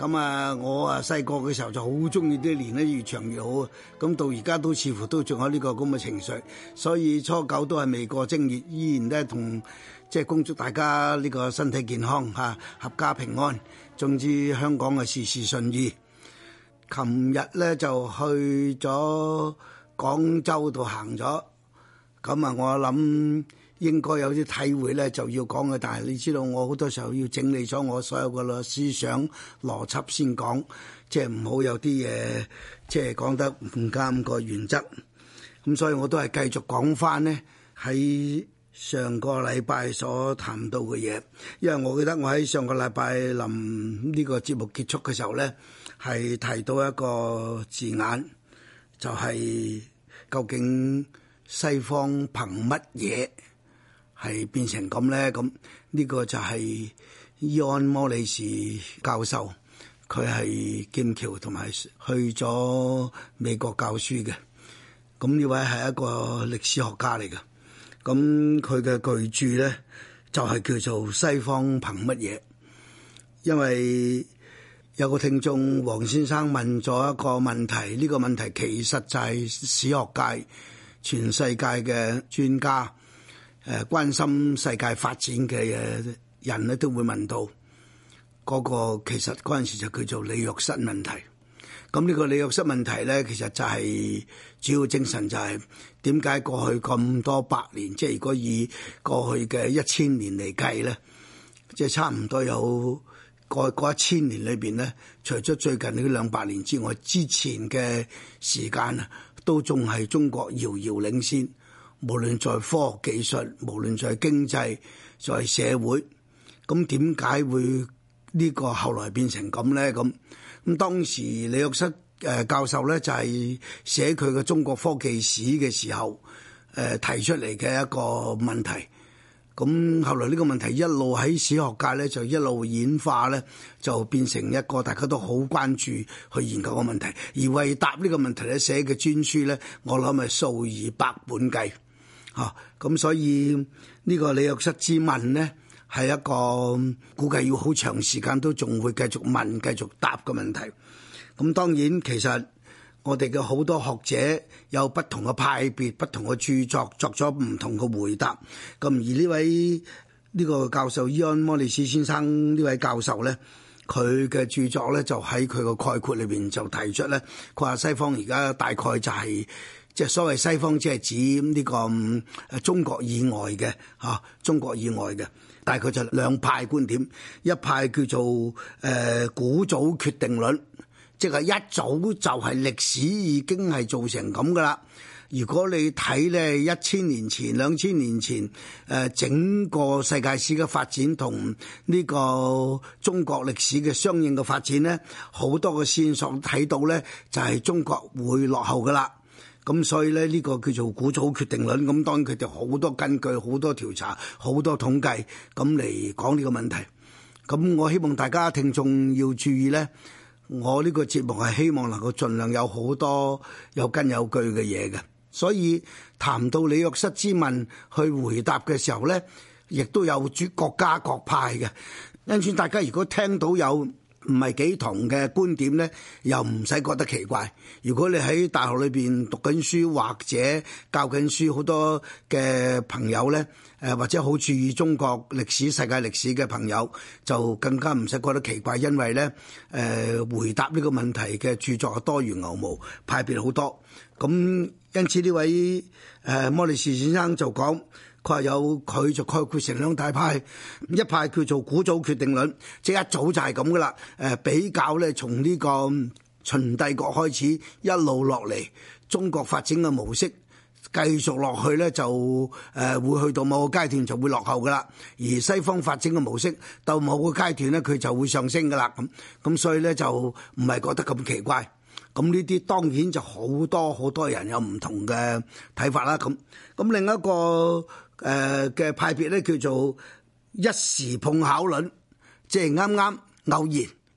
咁啊，我啊細個嘅時候就好中意啲年咧，越長越好。咁到而家都似乎都仲有呢個咁嘅情緒，所以初九都係未過正月，依然咧同即係恭祝大家呢個身體健康吓，合家平安，總之香港嘅事事順意。琴日咧就去咗廣州度行咗，咁啊我諗。應該有啲體會咧，就要講嘅。但係你知道，我好多時候要整理咗我所有嘅思想邏輯先講，即係唔好有啲嘢即係講得唔啱個原則。咁所以我都係繼續講翻咧喺上個禮拜所談到嘅嘢，因為我記得我喺上個禮拜臨呢個節目結束嘅時候咧，係提到一個字眼，就係究竟西方憑乜嘢？係變成咁咧，咁呢個就係伊安摩里士教授，佢係劍橋同埋去咗美國教書嘅。咁呢位係一個歷史學家嚟嘅，咁佢嘅巨著咧就係叫做《西方憑乜嘢》。因為有個聽眾黃先生問咗一個問題，呢個問題其實就係史學界全世界嘅專家。誒關心世界發展嘅人咧，都會問到嗰、嗰個其實嗰陣時就叫做李約瑟問題。咁呢個李約瑟問題咧，其實就係、係、主要精神就係點解過去咁多百年，即係如果以過去嘅一千年嚟計咧，即係差唔多有過去一千年裏邊咧，除咗最近呢兩百年之外，之前嘅時間啊，都仲係中國遙遙領先。無論在科學技術，無論在經濟，在社會，咁點解會呢個後來變成咁咧？咁咁當時李約瑟誒教授咧就係、是、寫佢嘅中國科技史嘅時候，誒、呃、提出嚟嘅一個問題。咁後來呢個問題一路喺史學界咧就一路演化咧，就變成一個大家都好關注去研究嘅問題。而為答呢個問題咧寫嘅專書咧，我諗係數以百本計。哦，咁、啊、所以呢個李約瑟之問咧，係一個估計要好長時間都仲會繼續問、繼續答嘅問題。咁當然其實我哋嘅好多學者有不同嘅派別、不同嘅著作，作咗唔同嘅回答。咁而呢位呢、這個教授伊安摩利斯先生呢位教授咧，佢嘅著作咧就喺佢嘅概括裏邊就提出咧，佢話西方而家大概就係、是。即係所謂西方，即係指呢個中國以外嘅嚇、啊，中國以外嘅，大概就兩派觀點，一派叫做誒、呃、古早決定律論，即係一早就係歷史已經係造成咁噶啦。如果你睇咧一千年前、兩千年前誒、呃、整個世界史嘅發展同呢個中國歷史嘅相應嘅發展咧，好多個線索睇到咧，就係、是、中國會落後噶啦。咁所以咧，呢個叫做古早決定論。咁當然佢哋好多根據、好多調查、好多統計，咁嚟講呢個問題。咁我希望大家聽眾要注意咧，我呢個節目係希望能夠儘量有好多有根有據嘅嘢嘅。所以談到李約瑟之問去回答嘅時候咧，亦都有各家各派嘅。因此大家如果聽到有，唔係幾同嘅觀點咧，又唔使覺得奇怪。如果你喺大學裏邊讀緊書或者教緊書，好多嘅朋友咧，誒或者好注意中國歷史、世界歷史嘅朋友，就更加唔使覺得奇怪，因為咧誒回答呢個問題嘅著作多如牛毛，派別好多。咁因此呢位誒摩利士先生就講。佢話有佢就概括成兩大派，一派叫做古早決定論，即一早就係咁噶啦。誒比較咧，從呢個秦帝國開始一路落嚟，中國發展嘅模式，繼續落去咧就誒、呃、會去到某個階段就會落後噶啦。而西方發展嘅模式到某個階段咧，佢就會上升噶啦。咁咁所以咧就唔係覺得咁奇怪。咁呢啲當然就好多好多人有唔同嘅睇法啦。咁咁另一個，誒嘅、呃、派別咧，叫做一時碰巧論，即係啱啱偶然，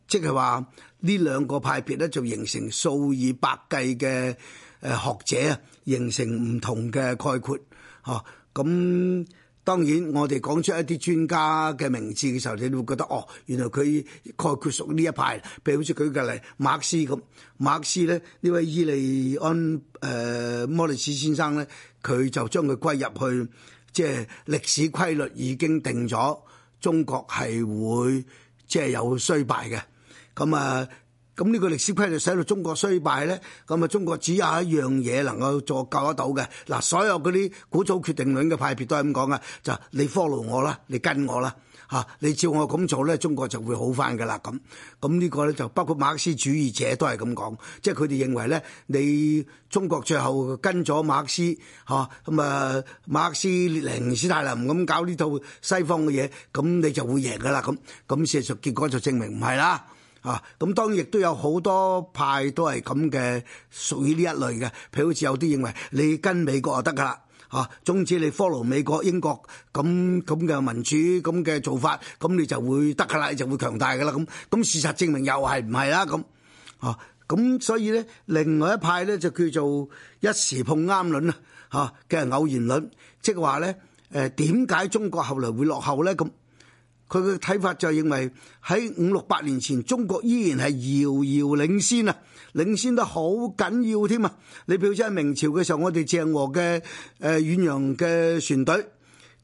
即係話呢兩個派別咧，就形成數以百計嘅誒學者啊，形成唔同嘅概括嚇。咁、啊嗯、當然我哋講出一啲專家嘅名字嘅時候，你都會覺得哦，原來佢概括屬於呢一派。譬如好似舉個例馬克思咁，馬克思咧，呢位伊利安誒、呃、摩利斯先生咧，佢就將佢歸入去。即係歷史規律已經定咗，中國係會即係有衰敗嘅。咁啊，咁呢個歷史規律使到中國衰敗咧。咁啊，中國只有一樣嘢能夠助救得到嘅。嗱，所有嗰啲古早決定論嘅派別都係咁講嘅，就，你 follow 我啦，你跟我啦。嚇！你照我咁做咧，中國就會好翻噶啦咁。咁呢個咧就包括馬克思主義者都係咁講，即係佢哋認為咧，你中國最後跟咗馬克思嚇，咁啊馬克思列寧斯大林咁搞呢套西方嘅嘢，咁你就會贏噶啦咁。咁事實結果就證明唔係啦。啊！咁當然亦都有好多派都係咁嘅，屬於呢一類嘅。譬如好似有啲認為你跟美國就得噶啦。啊，總之你 follow 美國、英國咁咁嘅民主咁嘅做法，咁你就會得噶啦，你就會強大噶啦咁。咁事實證明又係唔係啦咁。啊，咁所以咧，另外一派咧就叫做一時碰啱論啦，嚇，嘅偶然論，即係話咧，誒點解中國後來會落後咧？咁佢嘅睇法就認為喺五六百年前，中國依然係遙遙領先啊！領先得好緊要添啊！你譬如喺明朝嘅時候，我哋鄭和嘅誒、呃、遠洋嘅船隊，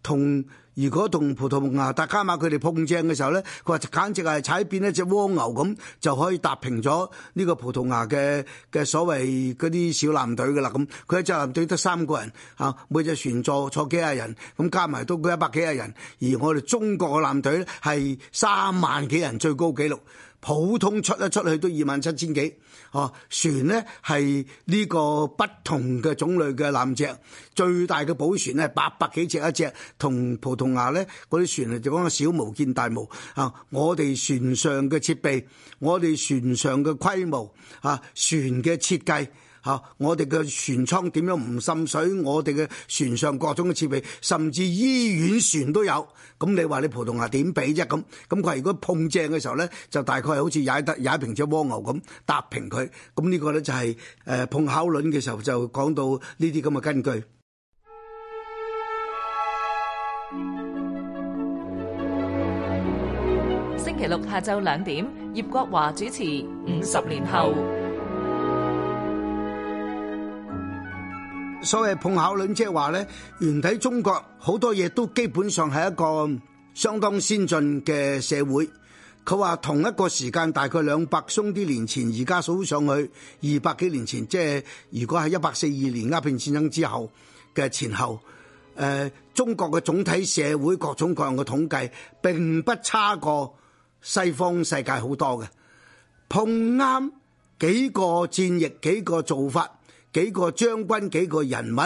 同如果同葡萄牙，達伽馬佢哋碰正嘅時候咧，佢話簡直係踩扁一隻蝸牛咁，就可以踏平咗呢個葡萄牙嘅嘅所謂嗰啲小艦隊噶啦咁。佢嘅艦隊得三個人，嚇、啊、每隻船坐坐，坐幾廿人，咁加埋都一百幾廿人。而我哋中國嘅艦隊咧係三萬幾人最高紀錄。普通出一出去都二萬七千幾，哦，船咧係呢個不同嘅種類嘅艦隻，最大嘅寶船咧八百幾隻一隻，同葡萄牙咧嗰啲船嚟就講個小巫見大巫，啊，我哋船上嘅設備，我哋船上嘅規模，啊，船嘅設計。嚇！我哋嘅船艙點樣唔滲水？我哋嘅船上各種嘅設備，甚至醫院船都有。咁你話你葡萄牙點比啫？咁咁佢如果碰正嘅時候咧，就大概好似踩得踩平隻蝸牛咁，踏平佢。咁呢個咧就係、是、誒碰巧輪嘅時候就講到呢啲咁嘅根據。星期六下晝兩點，葉國華主持《五十年後》年。所謂碰巧論，即係話咧，原體中國好多嘢都基本上係一個相當先進嘅社會。佢話同一個時間，大概兩百鬆啲年前，而家數上去二百幾年前，即係如果係一八四二年鴉片戰爭之後嘅前後，誒，中國嘅總體社會各種各樣嘅統計，並不差過西方世界好多嘅。碰啱幾個戰役，幾個做法。幾個將軍幾個人物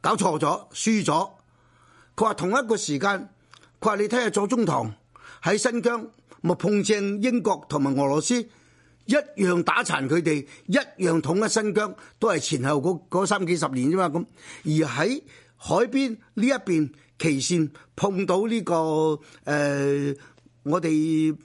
搞錯咗，輸咗。佢話同一個時間，佢話你睇下左宗棠喺新疆咪碰正英國同埋俄羅斯，一樣打殘佢哋，一樣統一新疆，都係前後嗰三幾十年啫嘛咁。而喺海邊呢一邊旗線碰到呢、這個誒、呃，我哋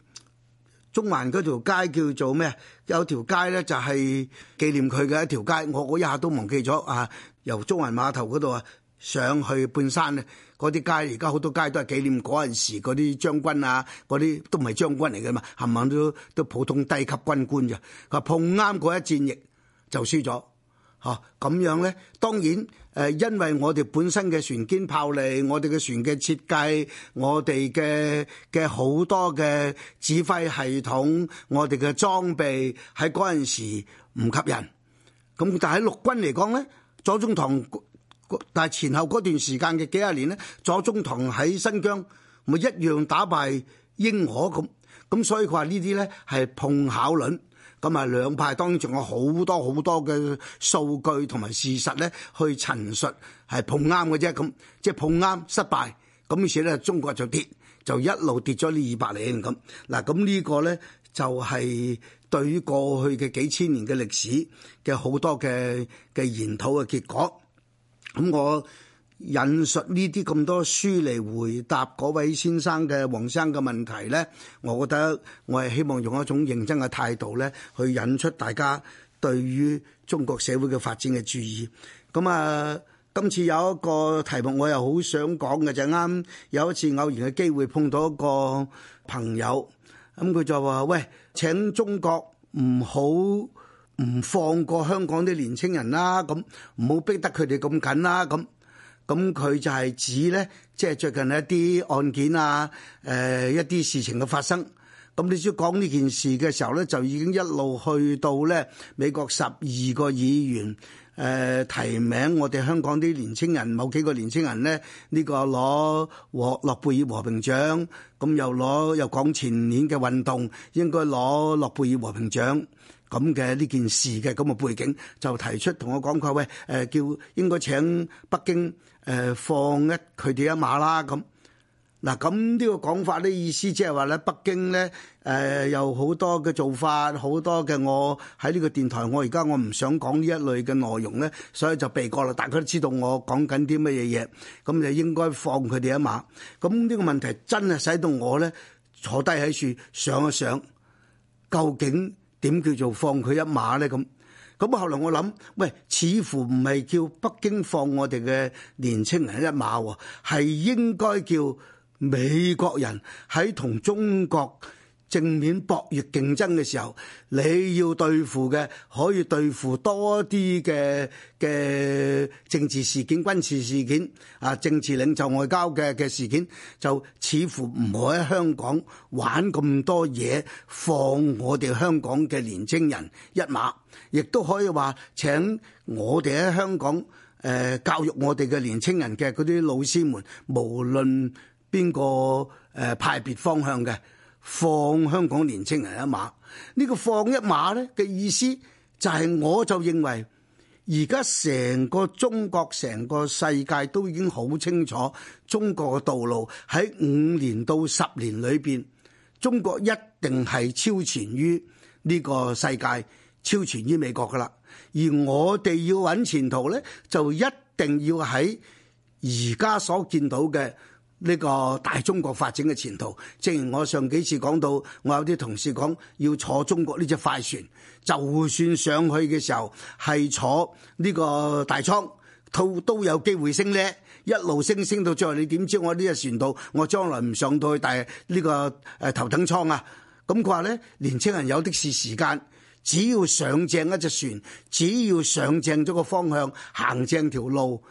中環嗰條街叫做咩？有條街咧就係紀念佢嘅一條街，我我一下都忘記咗啊！由中環碼頭嗰度啊，上去半山咧，嗰啲街而家好多街都係紀念嗰陣時嗰啲將軍啊，嗰啲都唔係將軍嚟嘅嘛，冚唪唥都都普通低級軍官咋，佢話碰啱嗰一戰役就輸咗嚇，咁樣咧當然。誒，因為我哋本身嘅船堅炮利，我哋嘅船嘅設計，我哋嘅嘅好多嘅指揮系統，我哋嘅裝備喺嗰陣時唔吸引。咁但係陸軍嚟講咧，左宗棠，但係前後嗰段時間嘅幾廿年咧，左宗棠喺新疆咪一樣打敗英俄咁，咁所以佢話呢啲咧係碰巧輪。咁啊，兩派當然仲有好多好多嘅數據同埋事實咧，去陳述係碰啱嘅啫。咁即係碰啱失敗，咁而且咧中國就跌，就一路跌咗呢二百年。咁。嗱，咁呢個咧就係、是、對於過去嘅幾千年嘅歷史嘅好多嘅嘅研討嘅結果。咁我，引述呢啲咁多書嚟回答嗰位先生嘅黃生嘅問題咧，我覺得我係希望用一種認真嘅態度咧，去引出大家對於中國社會嘅發展嘅注意。咁、嗯、啊，今次有一個題目，我又好想講嘅就啱有一次偶然嘅機會碰到一個朋友，咁、嗯、佢就話：喂，請中國唔好唔放過香港啲年青人啦，咁唔好逼得佢哋咁緊啦，咁、嗯。咁佢就係指呢，即係最近一啲案件啊，誒、呃、一啲事情嘅發生。咁你先講呢件事嘅時候呢，就已經一路去到呢美國十二個議員誒、呃、提名我哋香港啲年輕人，某幾個年輕人呢，呢、這個攞諾諾貝爾和平獎，咁又攞又講前年嘅運動應該攞諾貝爾和平獎。咁嘅呢件事嘅咁嘅背景，就提出同我講佢，喂，誒、呃、叫應該請北京誒、呃、放一佢哋一馬啦。咁嗱，咁呢個講法咧意思即係話咧，北京咧誒、呃、有好多嘅做法，好多嘅我喺呢個電台，我而家我唔想講呢一類嘅內容咧，所以就避過啦。大家都知道我講緊啲乜嘢嘢，咁就應該放佢哋一馬。咁呢個問題真係使到我咧坐低喺處想一想，究竟，點叫做放佢一馬咧？咁咁後來我諗，喂，似乎唔係叫北京放我哋嘅年輕人一馬喎，係應該叫美國人喺同中國正面博弈競爭嘅時候，你要對付嘅可以對付多啲嘅嘅政治事件、軍事事件啊、政治領袖外交嘅嘅事件，就似乎唔好喺香港玩咁多嘢，放我哋香港嘅年青人一馬，亦都可以話請我哋喺香港誒、呃、教育我哋嘅年青人嘅嗰啲老師們，無論邊個誒、呃、派別方向嘅放香港年青人一馬，呢個放一馬咧，嘅意思就係我就認為，而家成個中國成個世界都已經好清楚，中國嘅道路喺五年到十年裏邊，中國一定係超前於呢個世界，超前於美國噶啦。而我哋要揾前途呢，就一定要喺而家所見到嘅。呢個大中國發展嘅前途，正如我上幾次講到，我有啲同事講要坐中國呢隻快船，就算上去嘅時候係坐呢個大倉，都都有機會升呢。一路升升到最後，你點知我呢隻船度，我將來唔上到去大呢、呢個誒、啊、頭等艙啊？咁佢話呢，年輕人有的是時間，只要上正一隻船，只要上正咗個方向，行正條路。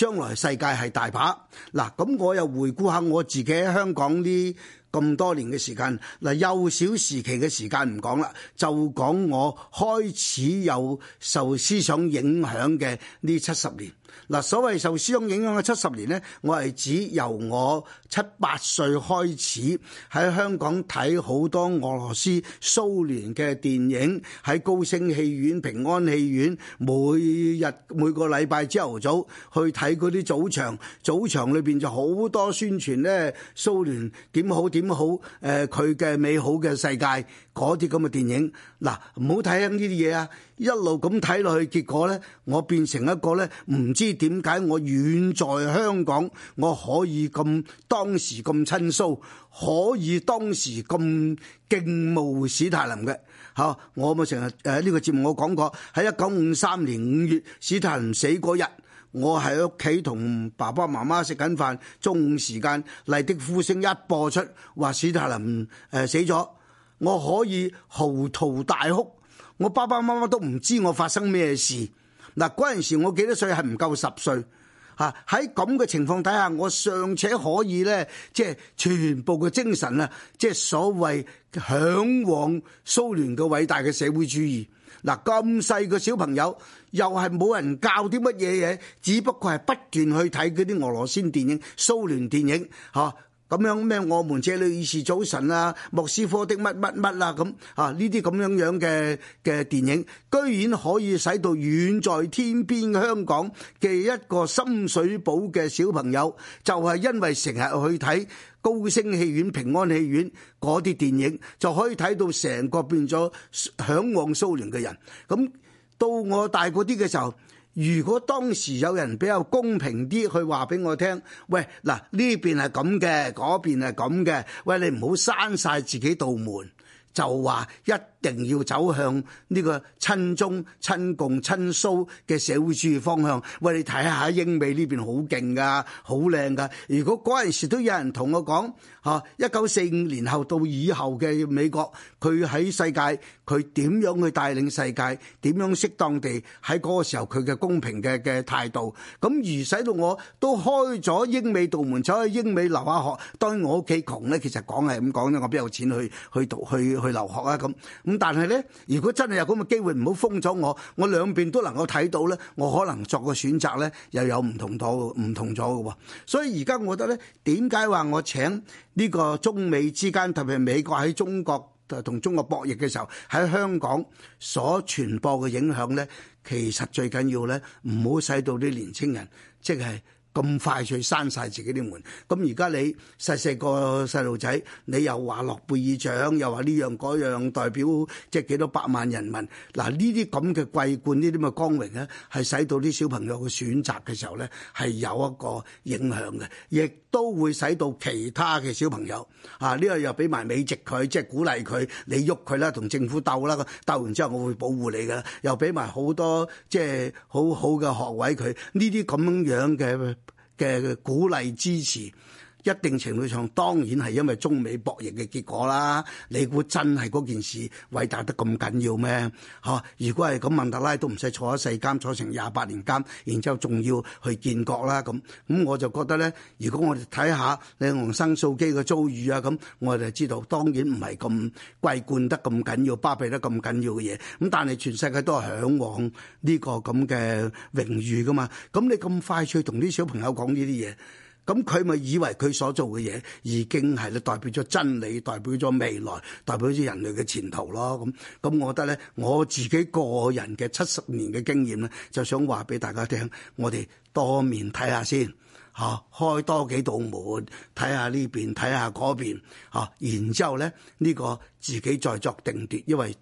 將來世界係大把嗱，咁我又回顧下我自己喺香港呢咁多年嘅時間，嗱，幼小時期嘅時間唔講啦，就講我開始有受思想影響嘅呢七十年。嗱，所謂受思想影響嘅七十年呢，我係指由我七八歲開始喺香港睇好多俄羅斯蘇聯嘅電影，喺高升戲院、平安戲院，每日每個禮拜朝頭早去睇嗰啲早場，早場裏邊就好多宣傳呢，蘇聯點好點好，誒佢嘅美好嘅世界。嗰啲咁嘅電影，嗱唔好睇緊呢啲嘢啊！一路咁睇落去，結果呢，我變成一個呢，唔知點解我遠在香港，我可以咁當時咁親蘇，可以當時咁敬慕史泰林嘅。嗬，我咪成日誒呢個節目我講過，喺一九五三年五月，史泰林死嗰日，我喺屋企同爸爸媽媽食緊飯，中午時間麗的呼聲一播出，話史泰林誒、呃、死咗。我可以嚎啕大哭，我爸爸媽媽都唔知我發生咩事。嗱，嗰陣時我幾多歲？係唔夠十歲。嚇，喺咁嘅情況底下，我尚且可以咧，即係全部嘅精神啊，即係所謂向往蘇聯嘅偉大嘅社會主義。嗱，咁細個小朋友又係冇人教啲乜嘢嘢，只不過係不斷去睇嗰啲俄羅斯電影、蘇聯電影，嚇。咁樣咩？我們這裏已是早晨啊！莫斯科的乜乜乜啦咁啊！呢啲咁樣樣嘅嘅電影，居然可以使到遠在天邊香港嘅一個深水埗嘅小朋友，就係因為成日去睇高升戲院、平安戲院嗰啲電影，就可以睇到成個變咗嚮往蘇聯嘅人。咁到我大個啲嘅時候。如果當時有人比較公平啲，佢話畀我聽，喂，嗱呢邊係咁嘅，嗰邊係咁嘅，喂你唔好閂晒自己道門，就話一定要走向呢個親中、親共、親蘇嘅社會主義方向。喂，你睇下，英美呢邊好勁㗎，好靚㗎。如果嗰陣時都有人同我講，吓一九四五年後到以後嘅美國，佢喺世界佢點樣去帶領世界？點樣適當地喺嗰個時候佢嘅公平嘅嘅態度？咁而使到我都開咗英美道門，走去英美留下學。當然我屋企窮咧，其實講係咁講咧，我邊有錢去去讀去去留學啊咁。咁但係咧，如果真係有咁嘅機會，唔好封咗我，我兩邊都能夠睇到咧，我可能作個選擇咧，又有唔同到唔同咗嘅喎。所以而家我覺得咧，點解話我請呢個中美之間，特別係美國喺中國同中國博弈嘅時候，喺香港所傳播嘅影響咧，其實最緊要咧，唔好使到啲年青人，即係。咁快脆閂晒自己啲門，咁而家你細細個細路仔，你又話諾貝爾獎，又話呢樣嗰樣代表即係幾多百萬人民，嗱呢啲咁嘅桂冠、呢啲咁嘅光榮咧，係使到啲小朋友嘅選擇嘅時候咧，係有一個影響嘅，亦都會使到其他嘅小朋友，啊呢個又俾埋美籍佢，即係鼓勵佢，你喐佢啦，同政府鬥啦，鬥完之後我會保護你㗎，又俾埋好多即係好好嘅學位佢，呢啲咁樣嘅嘅鼓勵支持。一定程度上，當然係因為中美博弈嘅結果啦。你估真係嗰件事偉大得咁緊要咩？嚇、啊！如果係咁，曼德拉都唔使坐一世監，坐成廿八年監，然之後仲要去建國啦咁。咁我就覺得咧，如果我哋睇下昂山素姬嘅遭遇啊，咁我就知道，當然唔係咁貴冠得咁緊要，巴閉得咁緊要嘅嘢。咁但係全世界都係向往呢個咁嘅榮譽噶嘛。咁你咁快脆同啲小朋友講呢啲嘢？咁佢咪以為佢所做嘅嘢已經係咧代表咗真理，代表咗未來，代表咗人類嘅前途咯？咁咁，我覺得咧，我自己個人嘅七十年嘅經驗咧，就想話俾大家聽，我哋多面睇下先嚇，開多幾道門睇下呢邊，睇下嗰邊嚇，然之後咧，呢個自己再作定奪，因為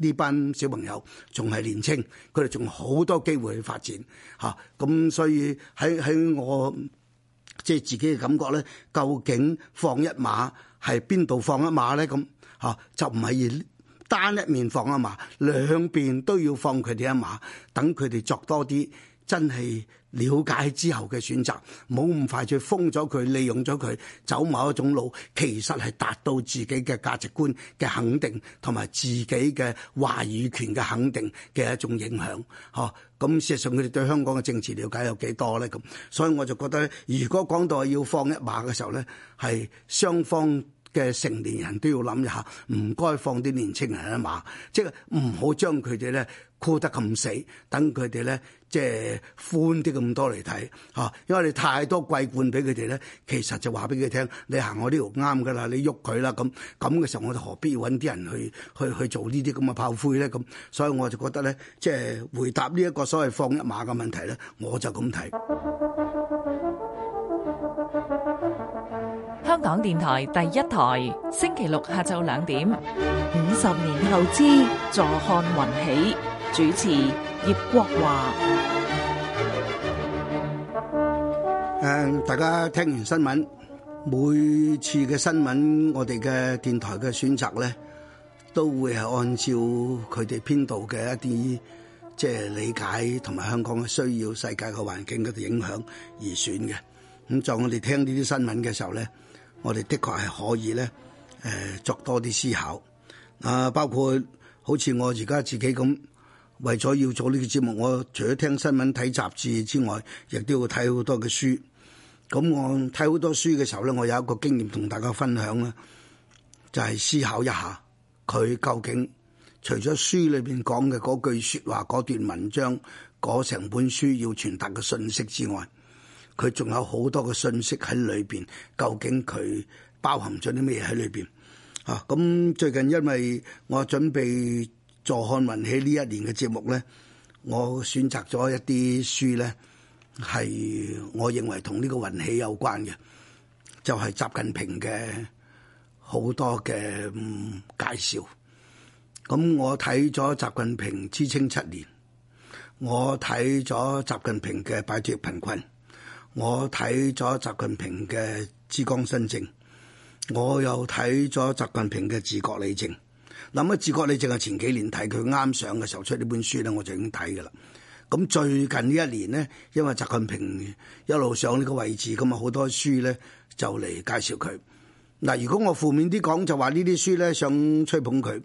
呢班小朋友仲係年青，佢哋仲好多機會去發展嚇，咁所以喺喺我。即係自己嘅感覺咧，究竟放一馬係邊度放一馬咧？咁吓就唔係單一面放一馬，兩邊都要放佢哋一馬，等佢哋作多啲。真係了解之後嘅選擇，冇咁快脆封咗佢，利用咗佢走某一種路，其實係達到自己嘅價值觀嘅肯定，同埋自己嘅話語權嘅肯定嘅一種影響。嚇，咁事實上佢哋對香港嘅政治了解有幾多咧？咁，所以我就覺得，如果講到要放一馬嘅時候咧，係雙方嘅成年人都要諗一下，唔該放啲年輕人一馬，即係唔好將佢哋咧。箍得咁死，等佢哋咧，即係寬啲咁多嚟睇嚇，因為你太多桂冠俾佢哋咧，其實就話俾佢聽，你行我呢度啱㗎啦，你喐佢啦，咁咁嘅時候，我哋何必要揾啲人去去去做呢啲咁嘅炮灰咧？咁所以我就覺得咧，即係回答呢一個所謂放一馬嘅問題咧，我就咁睇。香港電台第一台，星期六下晝兩點，五十年後之坐看雲起。主持葉國華，誒，大家聽完新聞，每次嘅新聞，我哋嘅電台嘅選擇咧，都會係按照佢哋編導嘅一啲即係理解同埋香港嘅需要、世界嘅環境嘅影響而選嘅。咁在我哋聽呢啲新聞嘅時候咧，我哋的確係可以咧，誒，作多啲思考啊，包括好似我而家自己咁。為咗要做呢個節目，我除咗聽新聞、睇雜誌之外，亦都要睇好多嘅書。咁我睇好多書嘅時候咧，我有一個經驗同大家分享咧，就係思考一下佢究竟除咗書裏邊講嘅嗰句說話、嗰段文章、嗰成本書要傳達嘅信息之外，佢仲有好多嘅信息喺裏邊。究竟佢包含咗啲咩喺裏邊？啊，咁最近因為我準備。坐看雲起呢一年嘅節目咧，我選擇咗一啲書咧，係我認為同呢個雲起有關嘅，就係、是、習近平嘅好多嘅介紹。咁我睇咗習近平知青七年，我睇咗習近平嘅擺脱貧困，我睇咗習近平嘅之江新政，我又睇咗習近平嘅治國理政。諗一自覺，你淨係前幾年睇佢啱上嘅時候出呢本書咧，我就已經睇噶啦。咁最近呢一年呢，因為習近平一路上呢個位置，咁啊好多書咧就嚟介紹佢。嗱，如果我負面啲講，就話呢啲書咧想吹捧佢。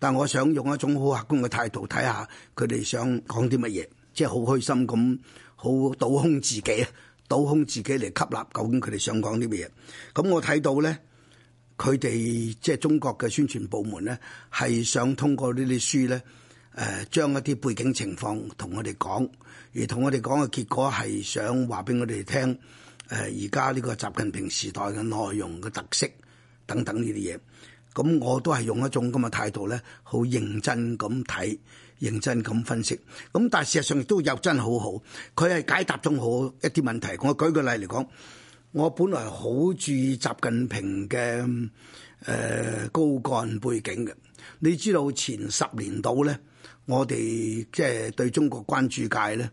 但係我想用一種好客觀嘅態度睇下佢哋想講啲乜嘢，即係好開心咁好倒空自己，倒空自己嚟吸納究竟佢哋想講啲乜嘢。咁我睇到咧。佢哋即係中國嘅宣傳部門咧，係想通過呢啲書咧，誒、呃、將一啲背景情況同我哋講，而同我哋講嘅結果係想話俾我哋聽誒而家呢個習近平時代嘅內容嘅特色等等呢啲嘢。咁我都係用一種咁嘅態度咧，好認真咁睇，認真咁分析。咁但係事實上亦都有真係好好，佢係解答中好一啲問題，我舉個例嚟講。我本來好注意習近平嘅誒、呃、高幹背景嘅，你知道前十年度咧，我哋即係對中國關注界咧，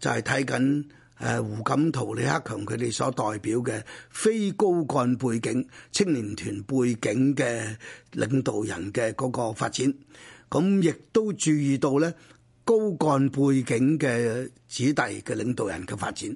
就係睇緊誒胡錦濤、李克強佢哋所代表嘅非高幹背景青年團背景嘅領導人嘅嗰個發展，咁亦都注意到咧。高幹背景嘅子弟嘅領導人嘅發展，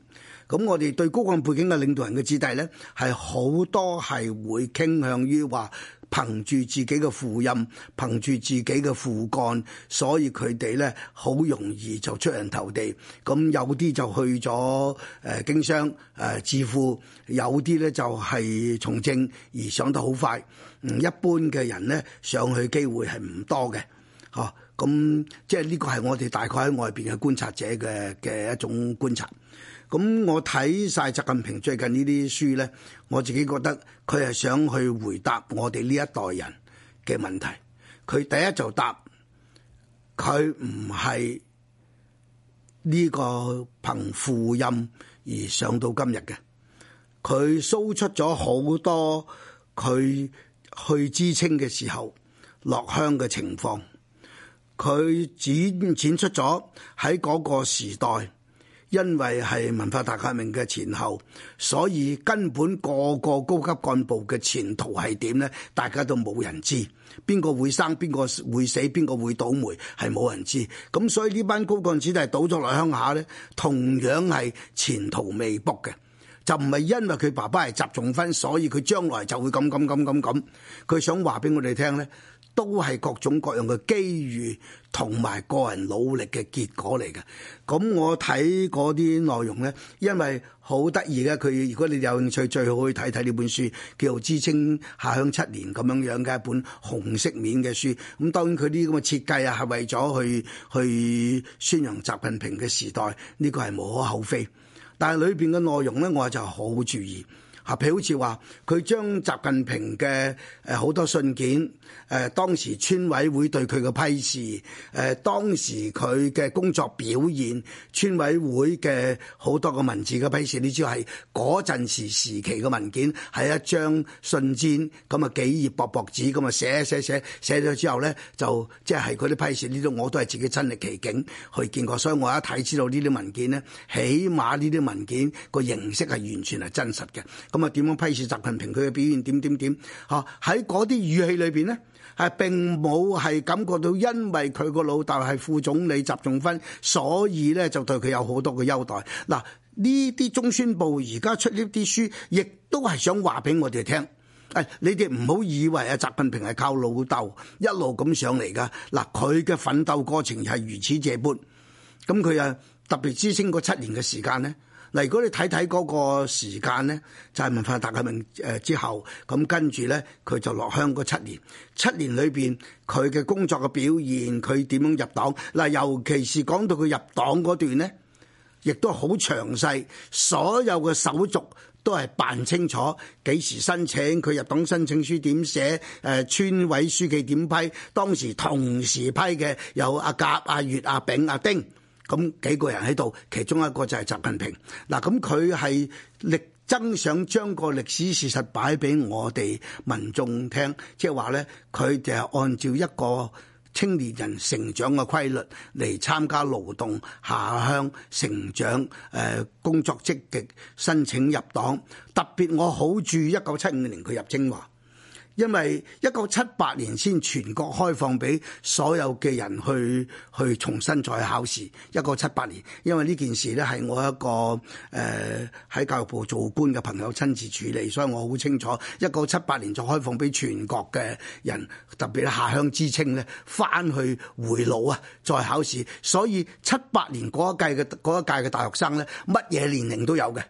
咁我哋對高幹背景嘅領導人嘅子弟咧，係好多係會傾向於話憑住自己嘅父親，憑住自己嘅父幹，所以佢哋咧好容易就出人頭地。咁有啲就去咗誒經商誒致富，有啲咧就係從政而上得好快。唔一般嘅人咧上去機會係唔多嘅，吓。咁即係呢個係我哋大概喺外邊嘅觀察者嘅嘅一種觀察。咁我睇晒習近平最近呢啲書咧，我自己覺得佢係想去回答我哋呢一代人嘅問題。佢第一就答佢唔係呢個憑父蔭而上到今日嘅。佢搜出咗好多佢去知青嘅時候落鄉嘅情況。佢展展出咗喺嗰個時代，因為係文化大革命嘅前後，所以根本個個高級幹部嘅前途係點咧？大家都冇人知，邊個會生，邊個會死，邊個會倒霉，係冇人知。咁所以呢班高幹子弟倒咗落鄉下咧，同樣係前途未卜嘅。就唔係因為佢爸爸係習仲勳，所以佢將來就會咁咁咁咁咁。佢想話俾我哋聽咧。都係各種各樣嘅機遇同埋個人努力嘅結果嚟嘅。咁我睇嗰啲內容呢，因為好得意嘅佢，如果你有興趣，最好去睇睇呢本書，叫做《知青下鄉七年》咁樣樣嘅一本紅色面嘅書。咁當然佢啲咁嘅設計啊，係為咗去去宣揚習近平嘅時代，呢個係無可厚非。但係裏邊嘅內容呢，我就好注意。合譬如好似話，佢將習近平嘅誒好多信件，誒當時村委會對佢嘅批示，誒當時佢嘅工作表現，村委會嘅好多個文字嘅批示，你知道係嗰陣時時期嘅文件係一張信紙，咁啊幾頁薄薄紙，咁啊寫寫寫寫咗之後咧，就即係嗰啲批示呢啲，我都係自己親歷其境去見過，所以我一睇知道呢啲文件咧，起碼呢啲文件個形式係完全係真實嘅。咁啊，點樣批示習近平佢嘅表現點點點？嚇喺嗰啲語氣裏邊咧，係並冇係感覺到，因為佢個老豆係副總理習仲勳，所以咧就對佢有好多嘅優待。嗱，呢啲中宣部而家出呢啲書，亦都係想話俾我哋聽。誒、哎，你哋唔好以為啊，習近平係靠老豆一路咁上嚟噶。嗱，佢嘅奮鬥過程係如此這般。咁佢啊，特別知青嗰七年嘅時間咧。嗱，如果你睇睇嗰個時間咧，就係文化大革命誒之後，咁跟住呢，佢就落鄉嗰七年。七年裏邊，佢嘅工作嘅表現，佢點樣入黨？嗱，尤其是講到佢入黨嗰段呢，亦都好詳細，所有嘅手續都係辦清楚。幾時申請？佢入黨申請書點寫？誒，村委書記點批？當時同時批嘅有阿甲、阿乙、阿丙、阿丁。咁幾個人喺度，其中一個就係習近平。嗱，咁佢係力爭想將個歷史事實擺俾我哋民眾聽，即係話咧，佢就係、是、按照一個青年人成長嘅規律嚟參加勞動、下鄉、成長、誒工作積極、申請入黨。特別我好住一九七五年佢入清華。因為一九七八年先全國開放俾所有嘅人去去重新再考試，一九七八年。因為呢件事咧，係我一個誒喺、呃、教育部做官嘅朋友親自處理，所以我好清楚一九七八年再開放俾全國嘅人，特別下鄉知青呢，翻去回爐啊，再考試。所以七八年嗰一屆嘅一屆嘅大學生呢，乜嘢年齡都有嘅。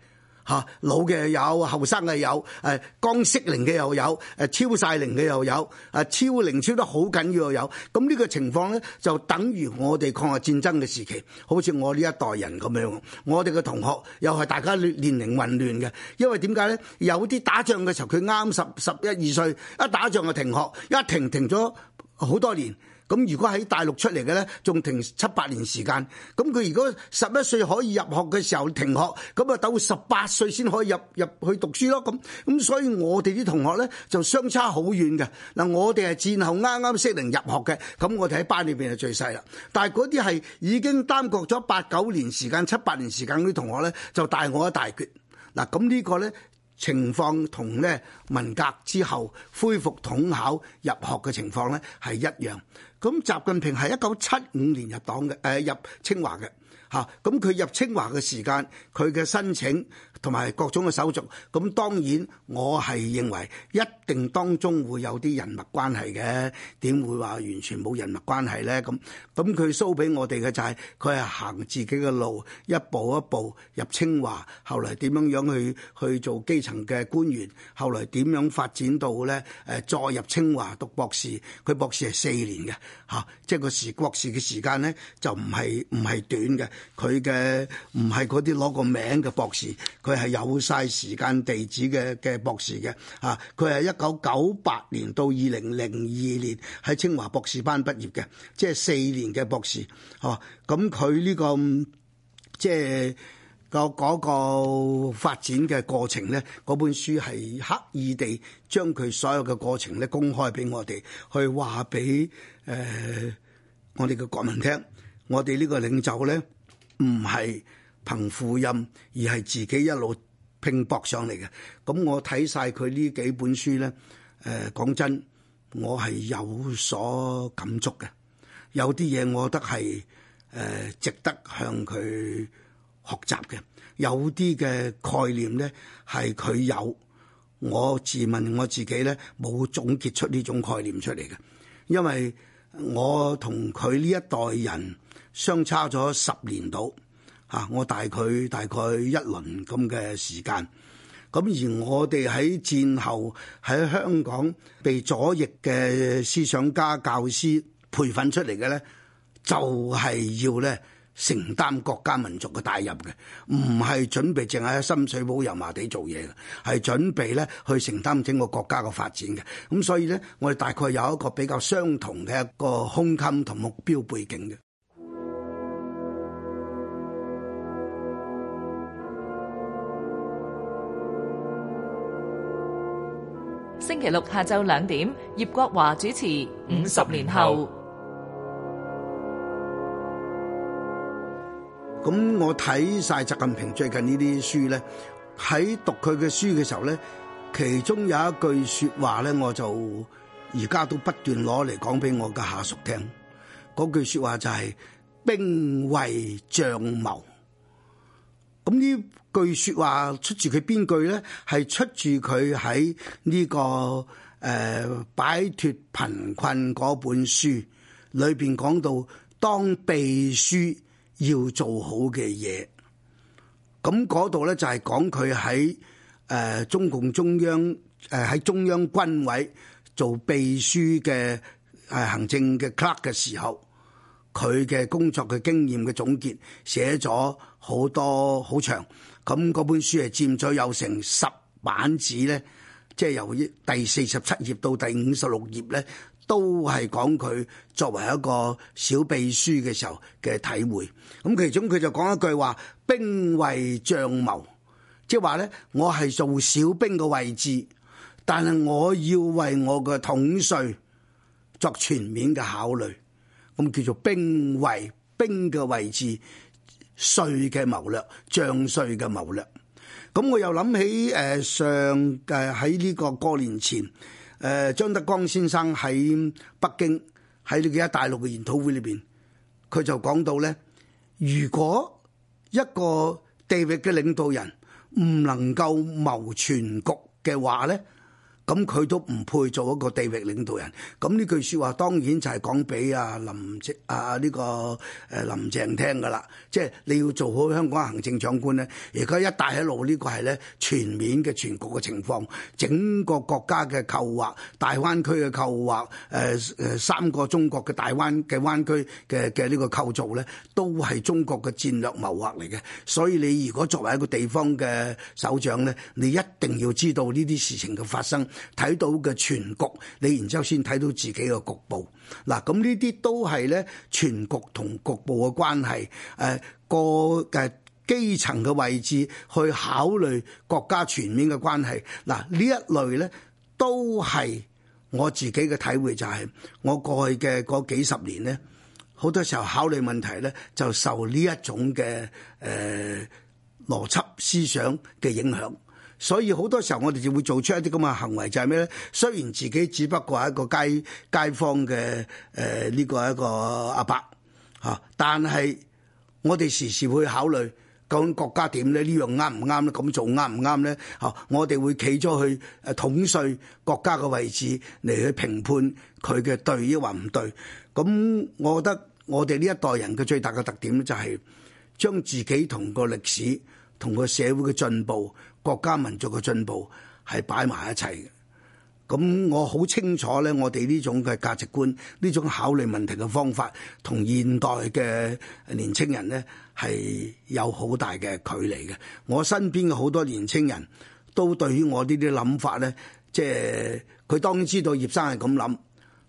吓老嘅又有，後生嘅又有，誒剛適齡嘅又有，誒超晒齡嘅又有，誒超齡超得好緊要又有。咁呢個情況咧，就等於我哋抗日戰爭嘅時期，好似我呢一代人咁樣。我哋嘅同學又係大家年齡混亂嘅，因為點解咧？有啲打仗嘅時候佢啱十十一二歲，一打仗就停學，一停停咗好多年。咁如果喺大陸出嚟嘅呢，仲停七八年時間。咁佢如果十一歲可以入學嘅時候停學，咁啊等佢十八歲先可以入入去讀書咯。咁咁，所以我哋啲同學呢，就相差好遠嘅。嗱，我哋係戰後啱啱適齡入學嘅，咁我哋喺班裏邊係最細啦。但係嗰啲係已經耽擱咗八九年時間、七八年時間嗰啲同學呢，就大我一大截。嗱，咁呢個呢。情況同咧文革之後恢復統考入學嘅情況咧係一樣。咁習近平係一九七五年入黨嘅，誒入清華嘅，嚇。咁佢入清華嘅時間，佢嘅申請。同埋各種嘅手續，咁當然我係認為一定當中會有啲人脈關係嘅，點會話完全冇人脈關係咧？咁咁佢 show 俾我哋嘅就係佢係行自己嘅路，一步一步入清華，後嚟點樣樣去去做基層嘅官員，後嚟點樣發展到咧？誒再入清華讀博士，佢博士係四年嘅，嚇，即係個時博士嘅時間咧就唔係唔係短嘅，佢嘅唔係嗰啲攞個名嘅博士，佢。係有晒時間地址嘅，嘅博士嘅。吓，佢係一九九八年到二零零二年喺清華博士班畢業嘅，即係四年嘅博士。哦、啊，咁佢呢個即係個嗰個發展嘅過程咧，嗰本書係刻意地將佢所有嘅過程咧公開俾我哋去話俾誒我哋嘅國民聽，我哋呢個領袖咧唔係。憑父蔭而係自己一路拼搏上嚟嘅，咁我睇晒佢呢幾本書咧，誒、呃、講真，我係有所感觸嘅，有啲嘢我覺得係誒、呃、值得向佢學習嘅，有啲嘅概念咧係佢有，我自問我自己咧冇總結出呢種概念出嚟嘅，因為我同佢呢一代人相差咗十年度。啊！我大概大概一輪咁嘅時間，咁而我哋喺戰後喺香港被左翼嘅思想家、教師培訓出嚟嘅咧，就係要咧承擔國家民族嘅大任嘅，唔係準備淨係喺深水埗油麻地做嘢嘅，係準備咧去承擔整個國家嘅發展嘅。咁所以咧，我哋大概有一個比較相同嘅一個胸襟同目標背景嘅。星期六下晝兩點，葉國華主持《五十年後》年後。咁我睇晒習近平最近呢啲書咧，喺讀佢嘅書嘅時候咧，其中有一句說話咧，我就而家都不斷攞嚟講俾我嘅下屬聽。嗰句說話就係、是、兵為將謀。咁呢句説話出自佢邊句咧？係出自佢喺呢個誒、呃、擺脱貧困嗰本書裏邊講到當秘書要做好嘅嘢。咁嗰度咧就係、是、講佢喺誒中共中央誒喺、呃、中央軍委做秘書嘅誒、呃、行政嘅 clerk 嘅時候，佢嘅工作嘅經驗嘅總結寫咗。好多好長，咁嗰本書係佔咗有成十版紙咧，即係由第四十七頁到第五十六頁咧，都係講佢作為一個小秘書嘅時候嘅體會。咁其中佢就講一句話：兵為將謀，即係話咧，我係做小兵嘅位置，但係我要為我嘅統帥作全面嘅考慮，咁叫做兵為兵嘅位置。稅嘅謀略，漲稅嘅謀略。咁我又諗起誒、呃，上誒喺呢個過年前，誒、呃、張德江先生喺北京喺呢幾喺大陸嘅研討會裏邊，佢就講到咧，如果一個地域嘅領導人唔能夠謀全局嘅話咧。咁佢都唔配做一個地域領導人。咁呢句説話當然就係講俾啊林鄭啊呢個誒林鄭聽㗎啦。即係你要做好香港行政長官咧。而家一帶一路呢個係咧全面嘅全局嘅情況，整個國家嘅構劃，大灣區嘅構劃，誒、呃、誒三個中國嘅大灣嘅灣區嘅嘅呢個構造咧，都係中國嘅戰略謀劃嚟嘅。所以你如果作為一個地方嘅首長咧，你一定要知道呢啲事情嘅發生。睇到嘅全局，你然之後先睇到自己嘅局部。嗱，咁呢啲都係咧全局同局部嘅關係。誒、呃，個誒基層嘅位置去考慮國家全面嘅關係。嗱，呢一類咧都係我自己嘅體會，就係、是、我過去嘅嗰幾十年咧，好多時候考慮問題咧，就受呢一種嘅誒邏輯思想嘅影響。所以好多時候我哋就會做出一啲咁嘅行為，就係咩咧？雖然自己只不過係一個街街坊嘅誒呢個一個阿伯嚇，但係我哋時時會考慮究竟國家點咧？呢樣啱唔啱咧？咁做啱唔啱咧？嚇、嗯，我哋會企咗去誒統帥國家嘅位置嚟去評判佢嘅對抑或唔對。咁、嗯、我覺得我哋呢一代人嘅最大嘅特點咧、就是，就係將自己同個歷史，同個社會嘅進步、國家民族嘅進步係擺埋一齊嘅。咁我好清楚咧，我哋呢種嘅價值觀、呢種考慮問題嘅方法，同現代嘅年青人咧係有好大嘅距離嘅。我身邊嘅好多年青人都對於我呢啲諗法咧，即係佢當然知道葉生係咁諗，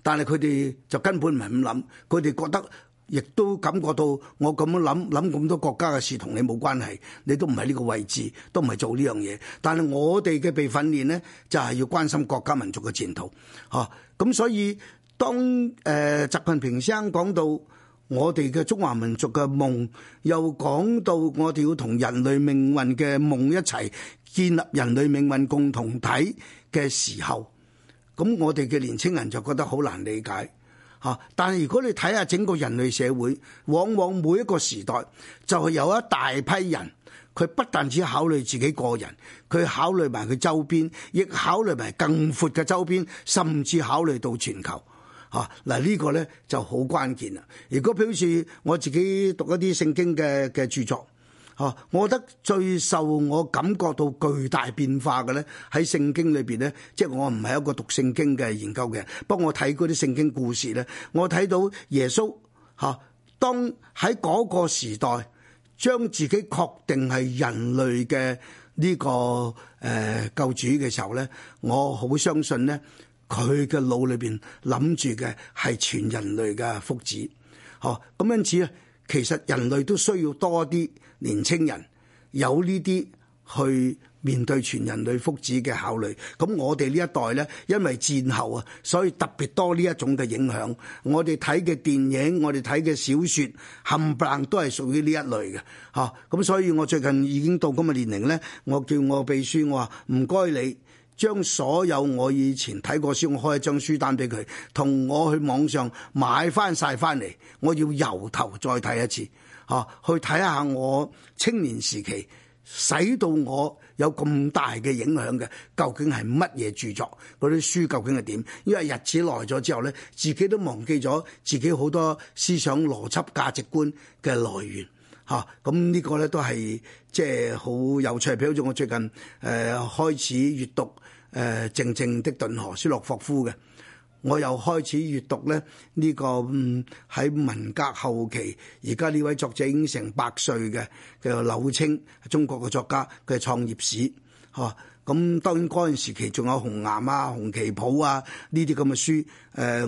但係佢哋就根本唔係咁諗，佢哋覺得。亦都感覺到我咁樣諗，諗咁多國家嘅事，同你冇關係，你都唔喺呢個位置，都唔係做呢樣嘢。但係我哋嘅被訓練呢，就係要關心國家民族嘅前途。嚇，咁所以當誒習近平先生講到我哋嘅中華民族嘅夢，又講到我哋要同人類命運嘅夢一齊建立人類命運共同體嘅時候，咁我哋嘅年輕人就覺得好難理解。但係如果你睇下整個人類社會，往往每一個時代就係有一大批人，佢不但只考慮自己個人，佢考慮埋佢周邊，亦考慮埋更闊嘅周邊，甚至考慮到全球。嗱、啊、呢、呢個呢就好關鍵啦。如果譬如似我自己讀一啲聖經嘅嘅著作。哦，我覺得最受我感覺到巨大變化嘅咧，喺聖經裏邊咧，即係我唔係一個讀聖經嘅研究嘅人，不過我睇嗰啲聖經故事咧，我睇到耶穌，嚇，當喺嗰個時代將自己確定係人類嘅呢個誒救主嘅時候咧，我好相信咧，佢嘅腦裏邊諗住嘅係全人類嘅福祉，哦，咁因此咧。其實人類都需要多啲年青人有呢啲去面對全人類福祉嘅考慮。咁我哋呢一代呢，因為戰後啊，所以特別多呢一種嘅影響。我哋睇嘅電影，我哋睇嘅小説，冚唪唥都係屬於呢一類嘅。嚇！咁所以我最近已經到咁嘅年齡呢，我叫我秘書，我話唔該你。將所有我以前睇過書，我開一張書單俾佢，同我去網上買翻晒翻嚟，我要由頭再睇一次，嚇、啊、去睇下我青年時期使到我有咁大嘅影響嘅，究竟係乜嘢著作？嗰啲書究竟係點？因為日子耐咗之後呢，自己都忘記咗自己好多思想、邏輯、價值觀嘅來源。嚇！咁呢個咧，都係即係好有趣，譬好似我最近誒、呃、開始閱讀誒、呃、靜靜的頓河斯洛霍夫嘅，我又開始閱讀咧呢、呢個喺、嗯、文革後期，而家呢位作者已經成百歲嘅叫柳青，中國嘅作家嘅創業史嚇。咁當然嗰陣時期仲有紅岩啊、紅旗譜、啊》這這、《啊呢啲咁嘅書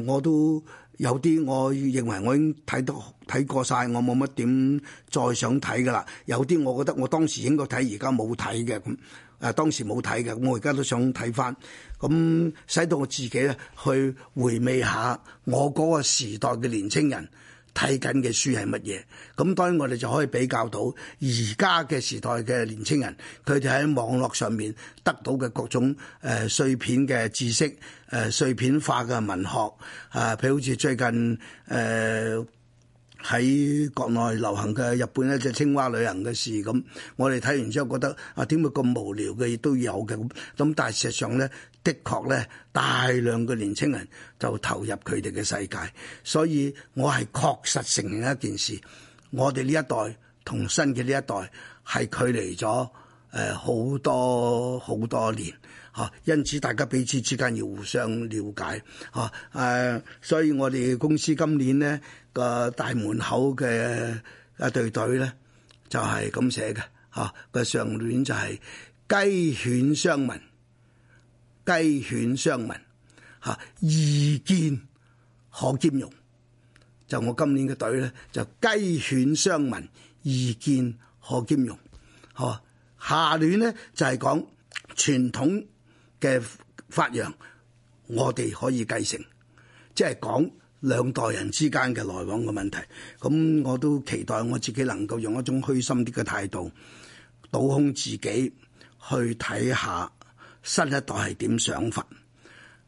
誒，我都。有啲我認為我已經睇得睇過晒，我冇乜點再想睇㗎啦。有啲我覺得我當時應該睇，而家冇睇嘅咁，誒、啊、當時冇睇嘅，我而家都想睇翻。咁使到我自己咧去回味下我嗰個時代嘅年輕人。睇緊嘅書係乜嘢？咁當然我哋就可以比較到而家嘅時代嘅年青人，佢哋喺網絡上面得到嘅各種誒碎片嘅知識，誒碎片化嘅文學，啊，譬如好似最近誒喺、呃、國內流行嘅日本一隻、就是、青蛙旅行嘅事咁，我哋睇完之後覺得啊，點會咁無聊嘅亦都有嘅咁？咁但係事實上咧。的確咧，大量嘅年輕人就投入佢哋嘅世界，所以我係確實承認一件事，我哋呢一代同新嘅呢一代係距離咗誒好多好多年嚇，因此大家彼此之間要互相了解嚇誒，所以我哋公司今年咧個大門口嘅一對聯咧就係咁寫嘅嚇，個上聯就係雞犬相聞，雞犬相聞，吓意見可兼容。就我今年嘅隊咧，就雞犬相聞，意見可兼容。吓下聯咧就係講傳統嘅發揚，我哋可以繼承，即係講兩代人之間嘅來往嘅問題。咁我都期待我自己能夠用一種虛心啲嘅態度，倒空自己去睇下。新一代係點想法？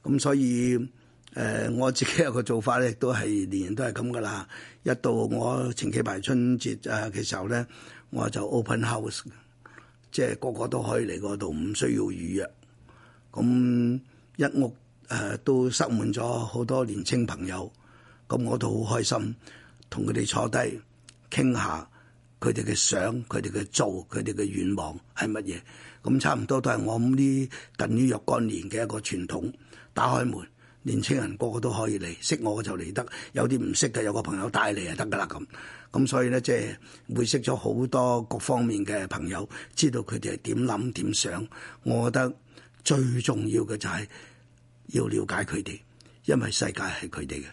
咁所以誒、呃，我自己有個做法咧，都係年年都係咁噶啦。一到我前幾排春節嘅時候咧，我就 open house，即係個個都可以嚟嗰度，唔需要預約。咁一屋誒、呃、都塞滿咗好多年青朋友，咁我都好開心，同佢哋坐低傾下佢哋嘅想、佢哋嘅做、佢哋嘅願望係乜嘢。咁差唔多都係我呢啲近於若干年嘅一個傳統打開門，年青人個個都可以嚟，識我就嚟得，有啲唔識嘅有個朋友帶嚟啊得噶啦咁。咁所以咧即係會識咗好多各方面嘅朋友，知道佢哋係點諗點想。我覺得最重要嘅就係要了解佢哋，因為世界係佢哋嘅。